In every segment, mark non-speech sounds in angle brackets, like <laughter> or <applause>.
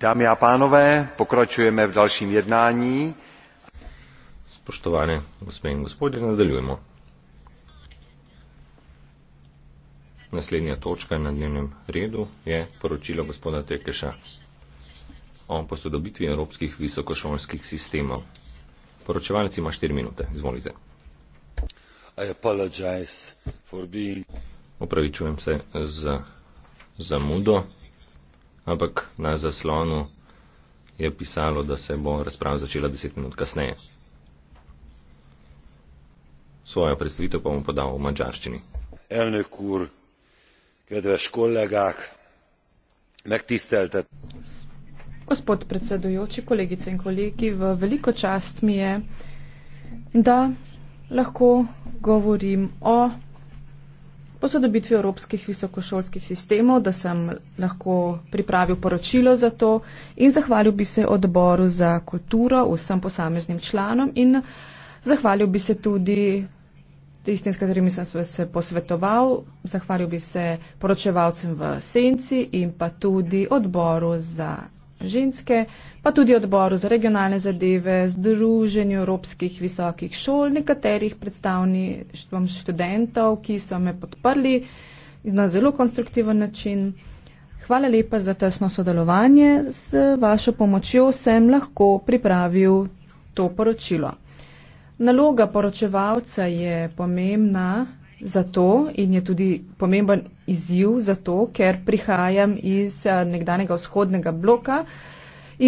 Dámy a pánové, pokračujeme v dalším jednání. Spoštovani gospodin gospodje, nadaljujemo. Naslednja točka na dnevnem redu je poročilo gospoda Tekeša o posodobitvi evropskih visokošolskih sistemov. Poročevalec ima štiri minute. Izvolite. Opravičujem se za zamudo ampak na zaslonu je pisalo, da se bo razprava začela deset minut kasneje. Svojo predstavitev pa bom podal v mačarščini. Elnökúr, kedves kollégák, megtiszteltet. Gospod predsedujoči, kolegice in kolegi, v veliko čast mi je, da lahko govorim o posodobitvi evropskih visokošolskih sistemov, da sem lahko pripravil poročilo za to in zahvalil bi se odboru za kulturo, vsem posameznim članom in zahvalil bi se tudi tistim, s katerimi sem se posvetoval, zahvalil bi se poročevalcem v Senci in pa tudi odboru za ženske, pa tudi odboru za regionalne zadeve, združenju evropskih visokih šol, nekaterih predstavništvom študentov, ki so me podprli na zelo konstruktiven način. Hvala lepa za tesno sodelovanje. Z vašo pomočjo sem lahko pripravil to poročilo. Naloga poročevalca je pomembna. Zato in je tudi pomemben izziv, zato, ker prihajam iz eh, nekdanjega vzhodnega bloka,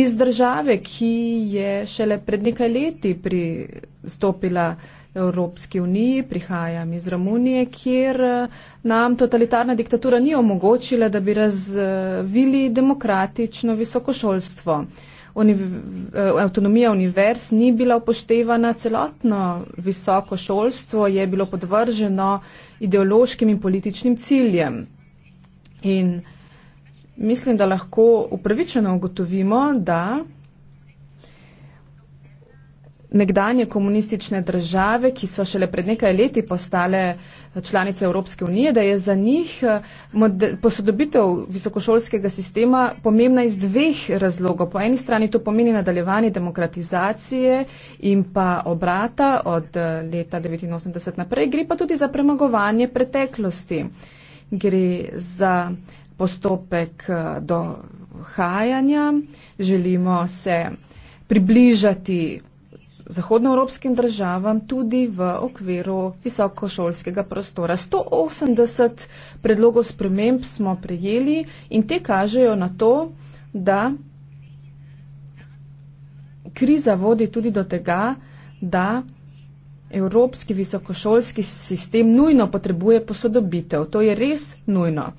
iz države, ki je šele pred nekaj leti pristopila Evropski uniji, prihajam iz Romunije, kjer eh, nam totalitarna diktatura ni omogočila, da bi razvili demokratično visokošolstvo univ, eh, avtonomija univerz ni bila upoštevana, celotno visoko šolstvo je bilo podvrženo ideološkim in političnim ciljem. In mislim, da lahko upravičeno ugotovimo, da nekdanje komunistične države, ki so šele pred nekaj leti postale članice Evropske unije, da je za njih eh, posodobitev visokošolskega sistema pomembna iz dveh razlogov. Po eni strani to pomeni nadaljevanje demokratizacije in pa obrata od eh, leta 1989 naprej, gre pa tudi za premagovanje preteklosti. Gre za postopek eh, dohajanja, želimo se približati zahodnoevropskim državam, tudi v okviru visokošolskega prostora. 180 predlogov sprememb smo prejeli in te kažejo na to, da kriza vodi tudi do tega, da evropski visokošolski sistem nujno potrebuje posodobitev. To je res nujno.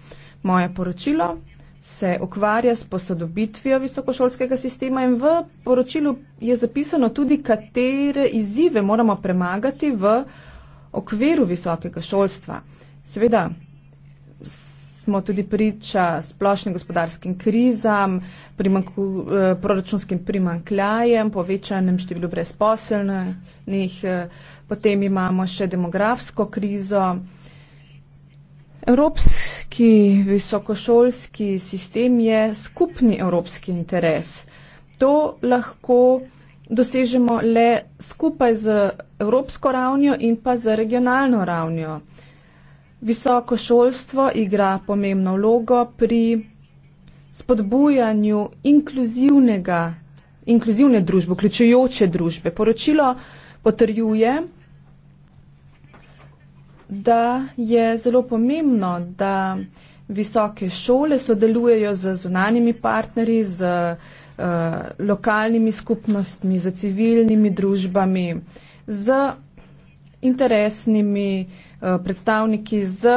Moje poročilo se ukvarja s posodobitvijo visokošolskega sistema in v poročilu je zapisano tudi, katere izzive moramo premagati v okviru visokega šolstva. Seveda smo tudi priča splošnim gospodarskim krizam, primanku, eh, proračunskim primankljajem, povečanem številu brezposelnih, eh, potem imamo še demografsko krizo. Evropski evropski visokošolski sistem je skupni evropski interes. To lahko dosežemo le skupaj z evropsko ravnjo in pa z regionalno ravnjo. Visoko šolstvo igra pomembno vlogo pri spodbujanju inkluzivne družbe, vključujoče družbe. Poročilo potrjuje, da je zelo pomembno, da visoke šole sodelujejo z zunanimi partnerji, z uh, lokalnimi skupnostmi, z civilnimi družbami, z interesnimi uh, predstavniki, z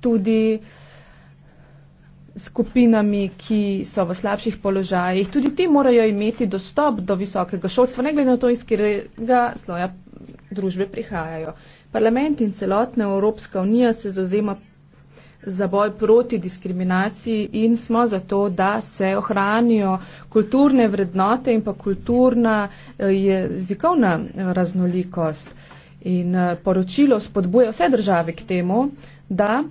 tudi skupinami, ki so v slabših položajih. Tudi ti morajo imeti dostop do visokega šolstva, ne glede na to, iz katerega sloja družbe prihajajo. Uh, Parlament in celotna Evropska unija se zauzema za boj proti diskriminaciji in smo za to, da se ohranijo kulturne vrednote in pa kulturna eh, jezikovna eh, raznolikost. In eh, poročilo spodbuja vse države k temu, da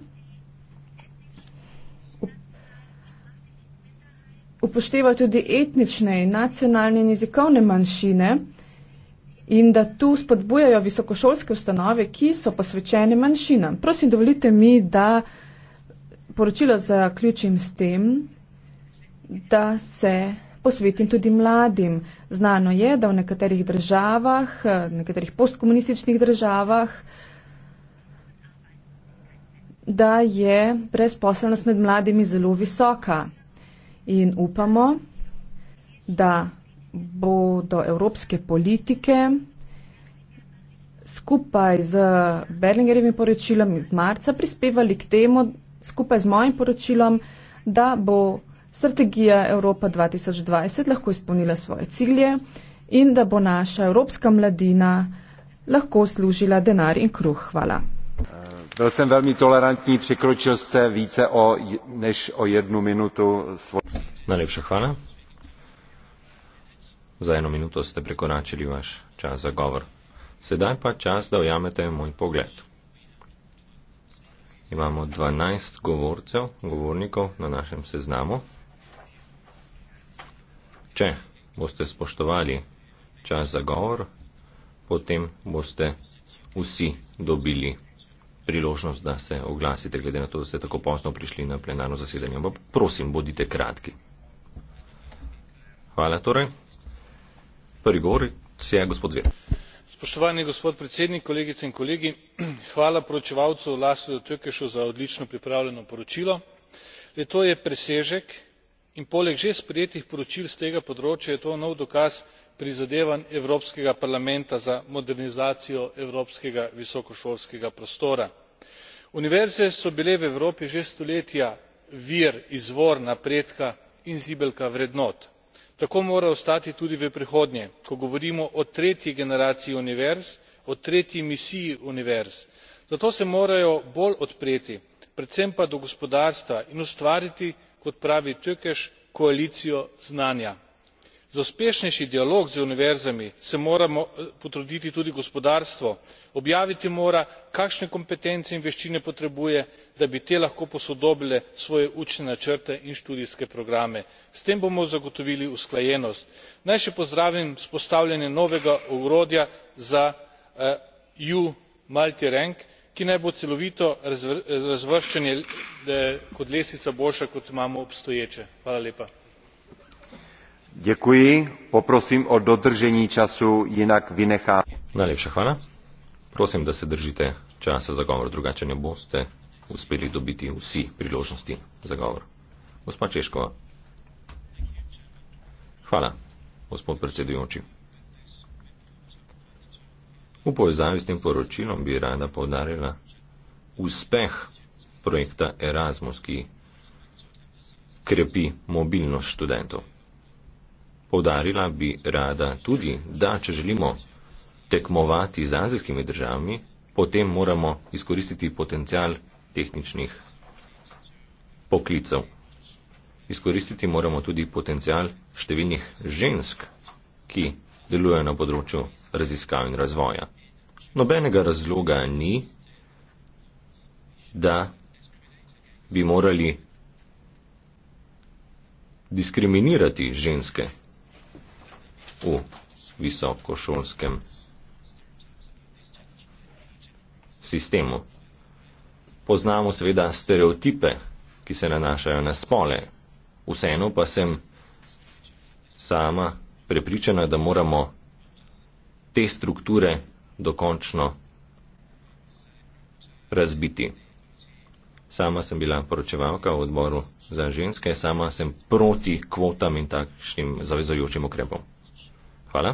upošteva tudi etnične in nacionalne in jezikovne manjšine in da tu spodbujajo visokošolske ustanove, ki so posvečene manjšinam. Prosim, dovolite mi, da poročilo zaključim s tem, da se posvetim tudi mladim. Znano je, da v nekaterih državah, nekaterih postkomunističnih državah, da je brezposelnost med mladimi zelo visoka. In upamo, da bodo evropske politike skupaj z Berlingerjevim poročilom iz marca prispevali k temu, skupaj z mojim poročilom, da bo strategija Evropa 2020 lahko izpolnila svoje cilje in da bo naša evropska mladina lahko služila denar in kruh. Hvala. Byl jsem velmi tolerantní, překročil jste více o, než o jednu minutu. Najlepša hvala. Za eno minuto ste prekoračili vaš čas za govor. Sedaj pa čas, da ujamete moj pogled. Imamo 12 govorcev, govornikov na našem seznamu. Če boste spoštovali čas za govor, potem boste vsi dobili priložnost, da se oglasite, glede na to, da ste tako posno prišli na plenarno zasedanje. Ampak prosim, bodite kratki. Hvala torej prvi govorec je gospod zver. spoštovani gospod predsednik kolegice in kolegi <clears throat> hvala poročevalcu lászlóju tks za odlično pripravljeno poročilo. le to je presežek in poleg že sprejetih poročil s tega področja je to nov dokaz prizadevanj evropskega parlamenta za modernizacijo evropskega visokošolskega prostora. univerze so bile v evropi že stoletja vir izvor napredka in zibelka vrednot tako mora ostati tudi v prihodnje ko govorimo o tretji generaciji univerz o tretji misiji univerz zato se morajo bolj odpreti predvsem pa do gospodarstva in ustvariti kot pravi tkes koalicijo znanja za uspešnejši dialog z univerzami se mora eh, potruditi tudi gospodarstvo objaviti mora kakšne kompetence in veščine potrebuje da bi te lahko posodobile svoje učne načrte in študijske programe s tem bomo zagotovili usklajenost. naj še pozdravim vzpostavljanje novega orodja za eu eh, multirank ki naj bo celovito razvrščanje eh, kot lestvica boljša kot imamo obstoječe. Děkuji, poprosím o dodržení času, jinak vynechám. Najlepša hvala. Prosim, da se držite časa za govor, drugače ne boste uspeli dobiti vsi priložnosti za govor. Gospa Češkova. Hvala, gospod predsedujoči. V povezavi s tem poročilom bi rada povdarjala uspeh projekta Erasmus, ki krepi mobilnost študentov. Podarila bi rada tudi, da če želimo tekmovati z azijskimi državami, potem moramo izkoristiti potencial tehničnih poklicev. Izkoristiti moramo tudi potencial številnih žensk, ki delujejo na področju raziskav in razvoja. Nobenega razloga ni, da bi morali diskriminirati ženske v visokošolskem sistemu. Poznamo seveda stereotipe, ki se nanašajo na spole, vseeno pa sem sama prepričana, da moramo te strukture dokončno razbiti. Sama sem bila poročevalka v odboru za ženske, sama sem proti kvotam in takšnim zavezojočim ukrepom. Hvala.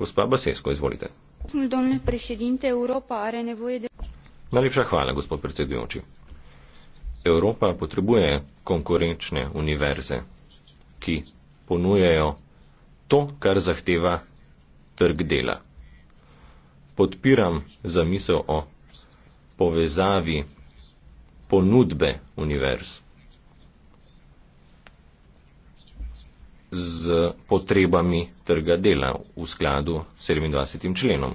Gospa Basesko, izvolite. Najlepša hvala, gospod predsedujoči. Evropa potrebuje konkurenčne univerze, ki ponujajo to, kar zahteva trg dela. Podpiram zamisel o povezavi ponudbe univerz z potrebami trga dela v skladu s 27. členom.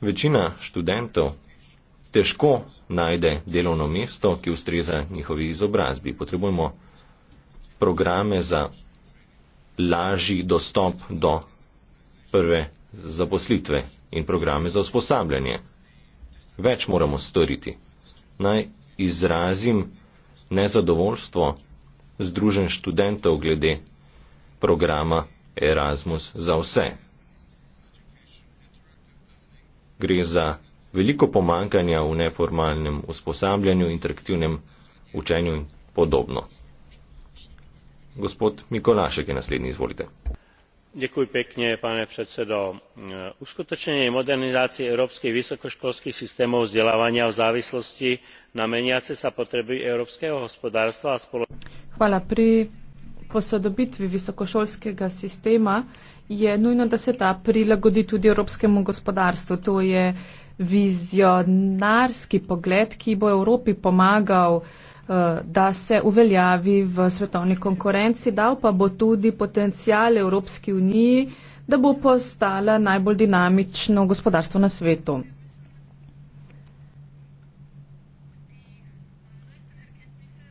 Večina študentov težko najde delovno mesto, ki ustreza njihovi izobrazbi. Potrebujemo programe za lažji dostop do prve zaposlitve in programe za usposabljanje. Več moramo storiti. Naj izrazim nezadovoljstvo združen študentov glede programa Erasmus za vse. Gre za veliko pomankanja v neformalnem usposabljanju, interaktivnem učenju in podobno. Gospod Mikolašek je naslednji, izvolite. Děkuji pekne, pane predsedo. Uskutočenie modernizácie európskych vysokoškolských systémov vzdelávania v závislosti na meniace sa potreby európskeho hospodárstva a spoločnosti. Hvala. Pri posodobitvi visokošolskega sistema je nujno, da se ta prilagodi tudi evropskemu gospodarstvu. To je vizionarski pogled, ki bo Evropi pomagal, eh, da se uveljavi v svetovni konkurenci, dal pa bo tudi potencijal Evropski uniji, da bo postala najbolj dinamično gospodarstvo na svetu.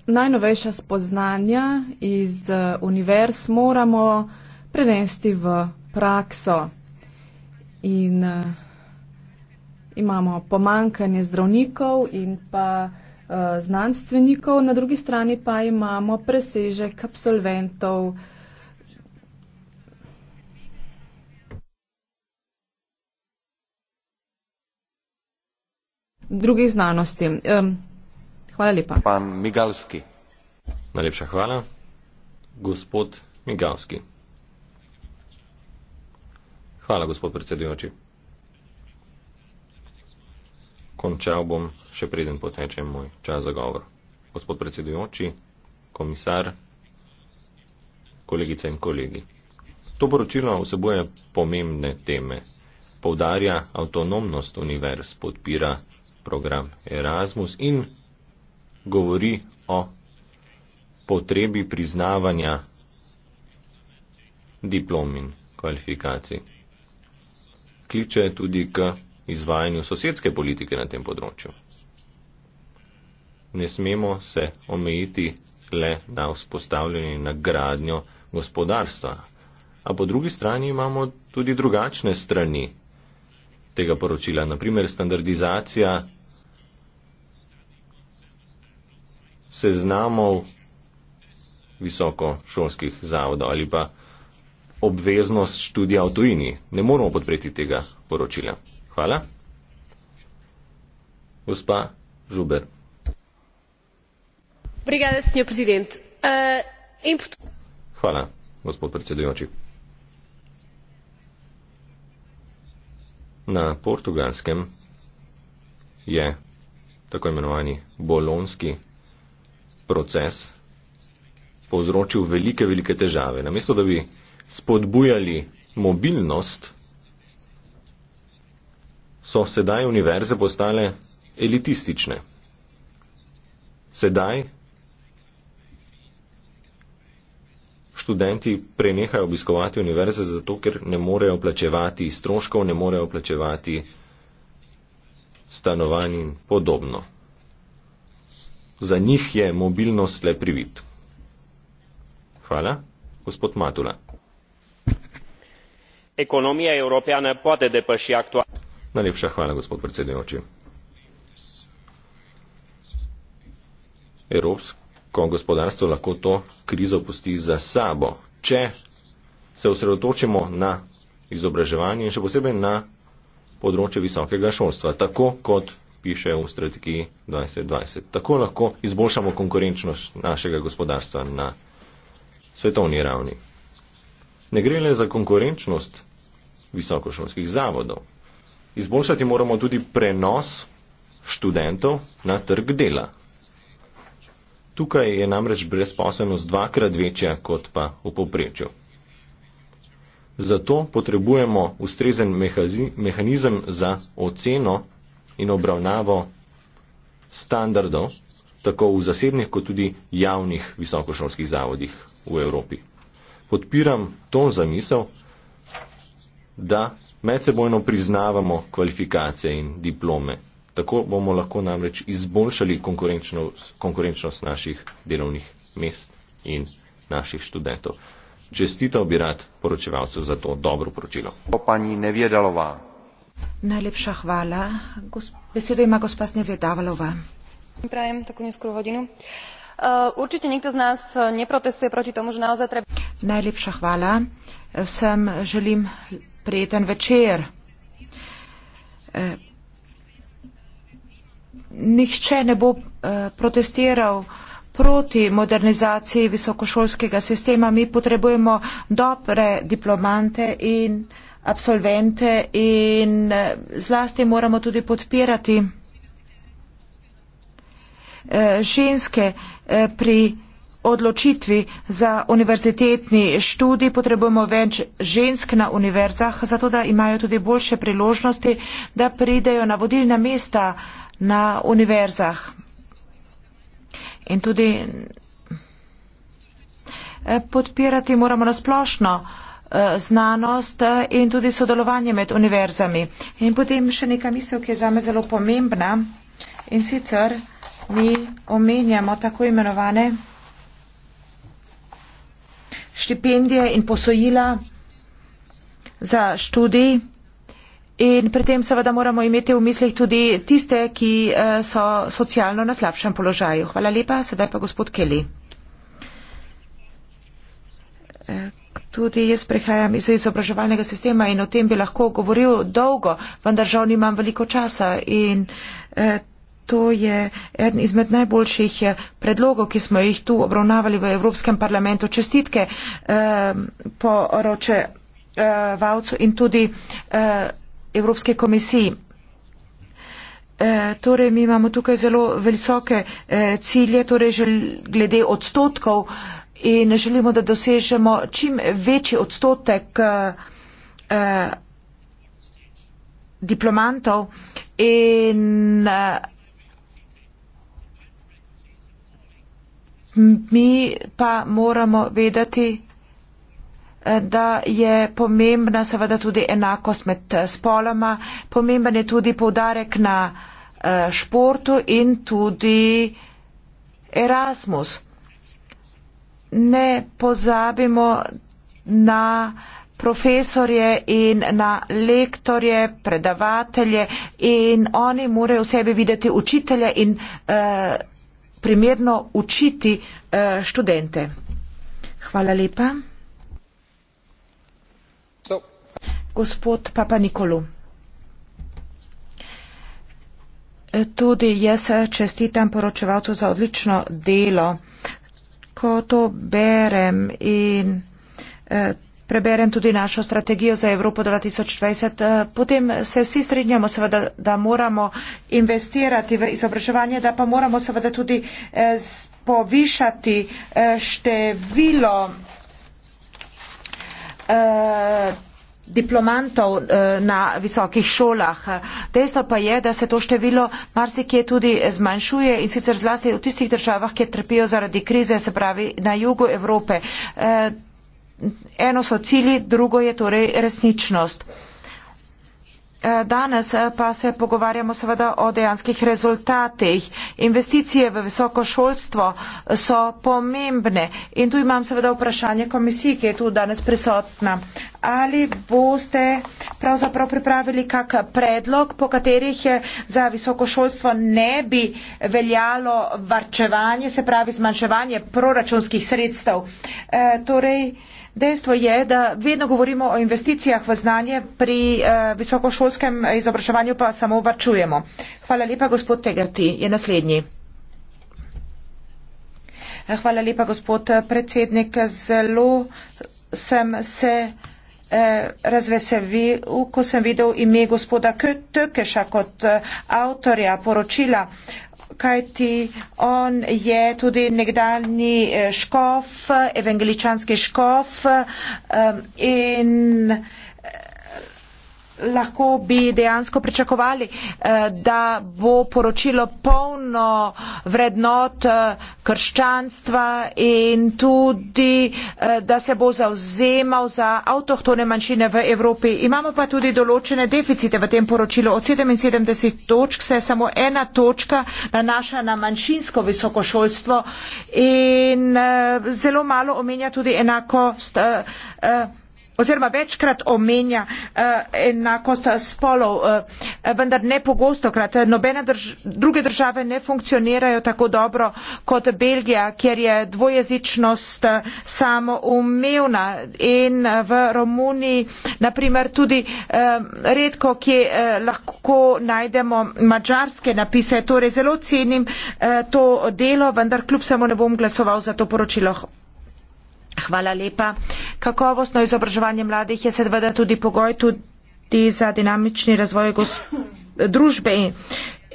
najnovejša spoznanja iz eh, univerz moramo prenesti v prakso. In eh, imamo pomankanje zdravnikov in pa eh, znanstvenikov, na drugi strani pa imamo presežek absolventov. drugih znanosti. Um. Hvala lepa. Pan Migalski. Najlepša hvala. Gospod Migalski. Hvala, gospod predsedujoči. Končal bom, še preden potečem moj čas za govor. Gospod predsedujoči, komisar, kolegice in kolegi. To poročilo vsebuje pomembne teme. Povdarja avtonomnost univerz, podpira program Erasmus in govori o potrebi priznavanja diplom in kvalifikacij. Kliče tudi k izvajanju sosedske politike na tem področju. Ne smemo se omejiti le na vzpostavljanje in nagradnjo gospodarstva. A po drugi strani imamo tudi drugačne strani tega poročila, naprimer standardizacija seznamov visokošolskih zavodov ali pa obveznost študija v tujini. Ne moramo podpreti tega poročila. Hvala. Gospa Žuber. Brigada, senjor prezident. Uh, ah, Hvala, gospod predsedujoči. Na portugalskem je tako imenovani bolonski proces povzročil velike, velike težave. Namesto, da bi spodbujali mobilnost, so sedaj univerze postale elitistične. Sedaj študenti prenehajo obiskovati univerze zato, ker ne morejo plačevati stroškov, ne morejo plačevati stanovanj in podobno. Za njih je mobilnost le privit. Hvala, gospod Matula. Ekonomija evropejana pode depaši aktualno. Najlepša hvala, gospod predsedujoči. Evropsko gospodarstvo lahko to krizo pusti za sabo, če se osredotočimo na izobraževanje in še posebej na področje visokega šolstva, tako kot piše v strategiji 2020. Tako lahko izboljšamo konkurenčnost našega gospodarstva na svetovni ravni. Ne gre le za konkurenčnost visokošolskih zavodov. Izboljšati moramo tudi prenos študentov na trg dela. Tukaj je namreč brezposelnost dvakrat večja kot pa v povprečju. Zato potrebujemo ustrezen mehanizem za oceno in obravnavo standardov tako v zasebnih kot tudi javnih visokošolskih zavodih v Evropi. Podpiram to zamisel, da medsebojno priznavamo kvalifikacije in diplome. Tako bomo lahko namreč izboljšali konkurenčnost, konkurenčnost naših delovnih mest in naših študentov. Čestitav bi rad poročevalcu za to dobro poročilo. Pani Nevjedalova. Najlepša hvala. Besedo ima gospa Snevedavalova. Prajem tako neskoro vodinu. Eh, určite nikto z nás eh, neprotestuje proti tomu, že naozaj treba. Najlepša hvala. Vsem želim prijeten večer. Eh, nihče ne bo protestiral proti modernizaciji visokošolskega sistema. Mi potrebujemo dobre diplomante in diplomante absolvente in eh, zlasti moramo tudi podpirati eh, ženske eh, pri odločitvi za univerzitetni študij. Potrebujemo več žensk na univerzah, zato da imajo tudi boljše priložnosti, da pridejo na vodilna mesta na univerzah. In tudi podpirati moramo nasplošno Eh, znanost eh, in tudi sodelovanje med univerzami. In potem še neka misel, ki je zame zelo pomembna in sicer mi omenjamo tako imenovane štipendije in posojila za študij in pri tem seveda moramo imeti v mislih tudi tiste, ki eh, so socialno na slabšem položaju. Hvala lepa, sedaj pa gospod Kelly. Tudi jaz prehajam iz izobraževalnega sistema in o tem bi lahko govoril dolgo, vendar žal nimam veliko časa. In, eh, To je eden izmed najboljših eh, predlogov, ki smo jih tu obravnavali v Evropskem parlamentu. Čestitke eh, po roče eh, Valcu in tudi eh, Evropske komisiji. Eh, torej, mi imamo tukaj zelo visoke eh, cilje, torej že glede odstotkov. Eh, in želimo, da dosežemo čim večji odstotek eh, eh, diplomantov in eh, mi pa moramo vedeti, eh, da je pomembna seveda tudi enakost med eh, spoloma, pomemben je tudi poudarek na uh, športu in tudi Erasmus ne pozabimo na profesorje in na lektorje, predavatelje in oni morajo v sebi videti učitelja in uh, primerno učiti uh, študente. Hvala lepa. So. Gospod Papa Nikolu. Tudi jaz eh, čestitam poročevalcu za odlično delo ko to berem in eh, preberem tudi našo strategijo za Evropo 2020, eh, potem se vsi strinjamo seveda, da moramo investirati v izobraževanje, da pa moramo seveda tudi eh, povišati število diplomantov eh, na visokih šolah. Dejstvo pa je, da se to število marsikje tudi zmanjšuje in sicer zlasti v tistih državah, ki trpijo zaradi krize, se pravi na jugu Evrope. Eh, eno so cili, drugo je torej resničnost. Danes eh, pa se pogovarjamo seveda o dejanskih rezultatih. Investicije v visoko šolstvo so pomembne in tu imam seveda vprašanje komisiji, ki je tu danes prisotna. Ali boste pravzaprav pripravili kak predlog, po katerih za visoko šolstvo ne bi veljalo varčevanje, se pravi zmanjševanje proračunskih sredstev? E, torej, dejstvo je, da vedno govorimo o investicijah v znanje pri e, visoko šolstvo šolskem izobraževanju pa samo varčujemo. Hvala lepa, gospod Tegerti, je naslednji. Hvala lepa, gospod predsednik. Zelo sem se eh, razveselil, ko sem videl ime gospoda Tökeša kot eh, avtorja poročila, kajti on je tudi nekdani eh, škof, evangeličanski škof in lahko bi dejansko pričakovali, eh, da bo poročilo polno vrednot eh, krščanstva in tudi, eh, da se bo zauzemal za avtohtone manjšine v Evropi. Imamo pa tudi določene deficite v tem poročilu. Od 77 točk se samo ena točka nanaša na manjšinsko visokošolstvo in zelo malo omenja tudi enakost oziroma večkrat omenja uh, enakost spolov, uh, vendar ne pogostokrat. Nobene drž druge države ne funkcionirajo tako dobro kot Belgija, kjer je dvojezičnost uh, eh, samo umevna in uh, v Romuniji, naprimer, tudi uh, redko, ki uh, lahko najdemo mačarske napise. Torej, zelo cenim uh, to delo, vendar kljub samo ne bom glasoval za to poročilo. Hvala lepa. Kakovostno izobraževanje mladih je seveda tudi pogoj tudi za dinamični razvoj gos- družbe. In,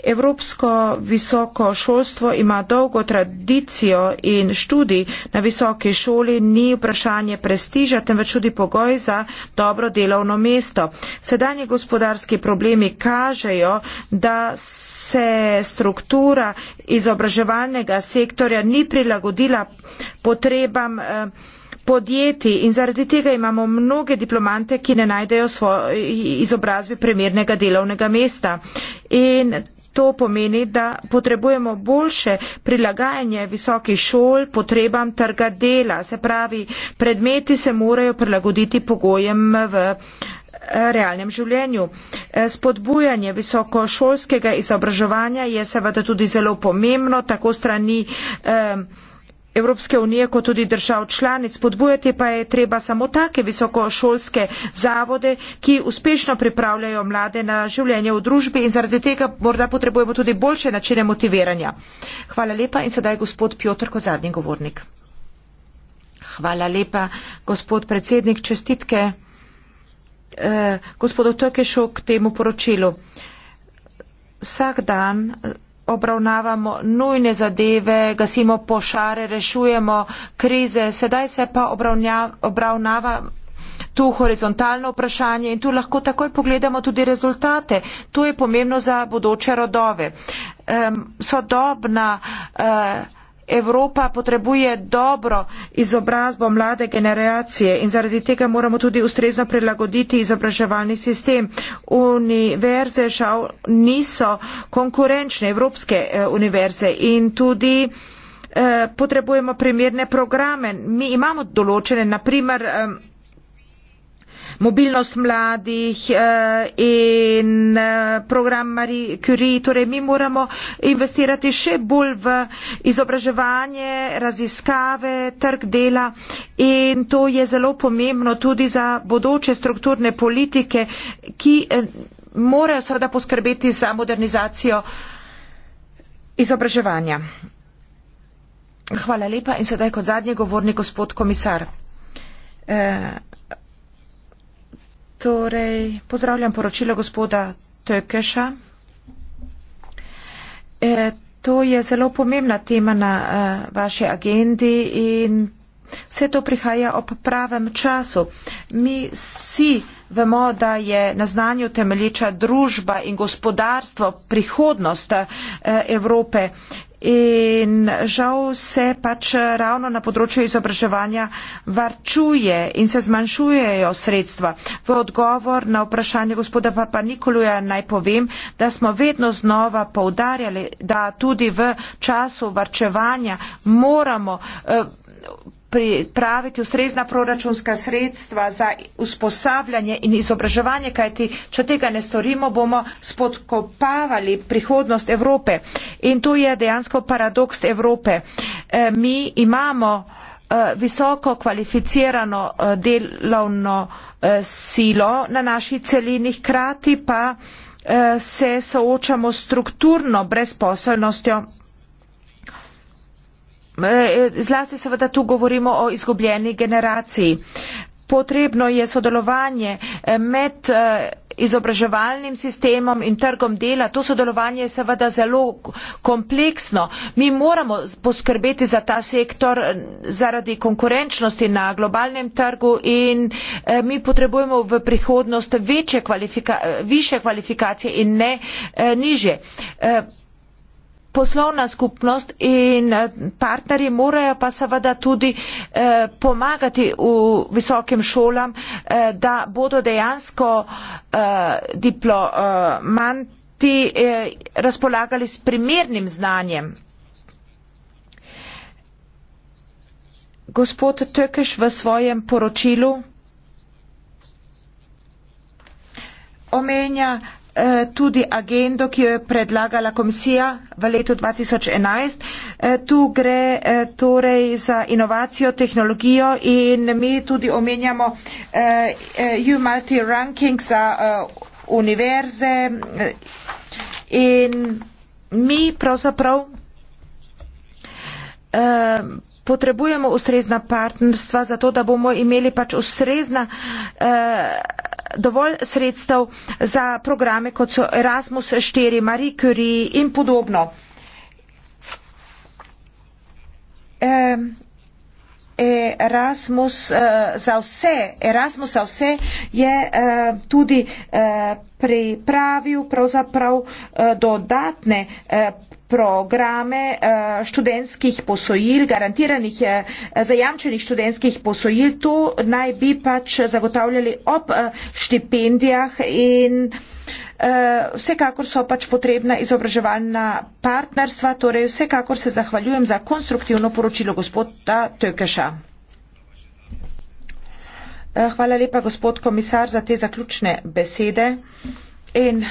Evropsko visoko šolstvo ima dolgo tradicijo in študij na visoki šoli ni vprašanje prestiža, temveč tudi pogoj za dobro delovno mesto. Sedanje gospodarski problemi kažejo, da se struktura izobraževalnega sektorja ni prilagodila potrebam eh, podjetij in zaradi tega imamo mnoge diplomante, ki ne najdejo svoje izobrazbe primernega delovnega mesta. In To pomeni, da potrebujemo boljše prilagajanje visokih šol potrebam trga dela. Se pravi, predmeti se morajo prilagoditi pogojem v eh, realnem življenju. Eh, spodbujanje visokošolskega izobraževanja je seveda tudi zelo pomembno, tako strani. Eh, Evropske unije kot tudi držav članic. Podbujati pa je treba samo take visokošolske zavode, ki uspešno pripravljajo mlade na življenje v družbi in zaradi tega morda potrebujemo tudi boljše načine motiviranja. Hvala lepa in sedaj gospod Piotr kot zadnji govornik. Hvala lepa, gospod predsednik, čestitke eh, gospodu Tokešu k temu poročilu. Vsak dan obravnavamo nujne zadeve, gasimo pošare, rešujemo krize, sedaj se pa obravnava tu horizontalno vprašanje in tu lahko takoj pogledamo tudi rezultate. To je pomembno za bodoče rodove. Um, sodobna uh, Evropa potrebuje dobro izobrazbo mlade generacije in zaradi tega moramo tudi ustrezno prilagoditi izobraževalni sistem. Univerze žal niso konkurenčne evropske eh, univerze in tudi eh, potrebujemo primerne programe. Mi imamo določene, naprimer, eh, mobilnost mladih eh, in eh, program Marie Curie. Torej, mi moramo investirati še bolj v izobraževanje, raziskave, trg dela in to je zelo pomembno tudi za bodoče strukturne politike, ki eh, morajo seveda poskrbeti za modernizacijo izobraževanja. Hvala lepa in sedaj kot zadnji govorni gospod komisar. Torej, pozdravljam poročilo gospoda Tökeša. E, to je zelo pomembna tema na a, e, vaši agendi in Vse to prihaja ob pravem času. Mi vsi vemo, da je na znanju temelječa družba in gospodarstvo prihodnost eh, Evrope. In žal se pač ravno na področju izobraževanja varčuje in se zmanjšujejo sredstva. V odgovor na vprašanje gospoda Papa Nikoluja naj povem, da smo vedno znova poudarjali, da tudi v času varčevanja moramo. Eh, pripraviti ustrezna proračunska sredstva za usposabljanje in izobraževanje, kajti če tega ne storimo, bomo spodkopavali prihodnost Evrope. In tu je dejansko paradoks Evrope. Eh, mi imamo eh, visoko kvalificirano eh, delovno silo na naših celinih krati, pa se soočamo strukturno brezposelnostjo E, zlasti seveda tu govorimo o izgubljeni generaciji. Potrebno je sodelovanje e, med e, izobraževalnim sistemom in trgom dela. To sodelovanje je seveda zelo kompleksno. Mi moramo poskrbeti za ta sektor zaradi konkurenčnosti na globalnem trgu in mi potrebujemo v prihodnost kvalifika, više kvalifikacije in ne nižje poslovna skupnost in eh, partnerji morajo pa seveda tudi eh, pomagati v visokim šolam, eh, da bodo dejansko diplomanti razpolagali s primernim znanjem. Gospod Tökeš v svojem poročilu omenja Eh, tudi agendo, ki jo je predlagala komisija v letu 2011. Eh, tu gre eh, torej za inovacijo, tehnologijo in mi tudi omenjamo EU Multi Ranking za univerze in mi pravzaprav Ehm, potrebujemo ustrezna partnerstva, zato da bomo imeli pač ustrezna eh, dovolj sredstev za programe, kot so Erasmus 4, Marie Curie in podobno. Eh, Erasmus uh, za vse, Erasmus za vse je uh, tudi uh, pripravil pravzaprav uh, dodatne uh, programe uh, študentskih posojil, garantiranih, uh, zajamčenih študentskih posojil. To naj bi pač zagotavljali ob uh, štipendijah in Uh, vsekakor so pač potrebna izobraževalna partnerstva, torej vsekakor se zahvaljujem za konstruktivno poročilo gospoda Tökeša. Eh, hvala lepa, gospod komisar, za te zaključne besede. In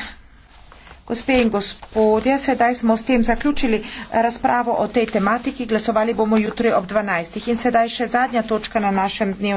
gospe in gospodje, sedaj smo s tem zaključili eh, razpravo o tej tematiki. Glasovali bomo jutri ob 12. In sedaj še zadnja točka na našem dnevu.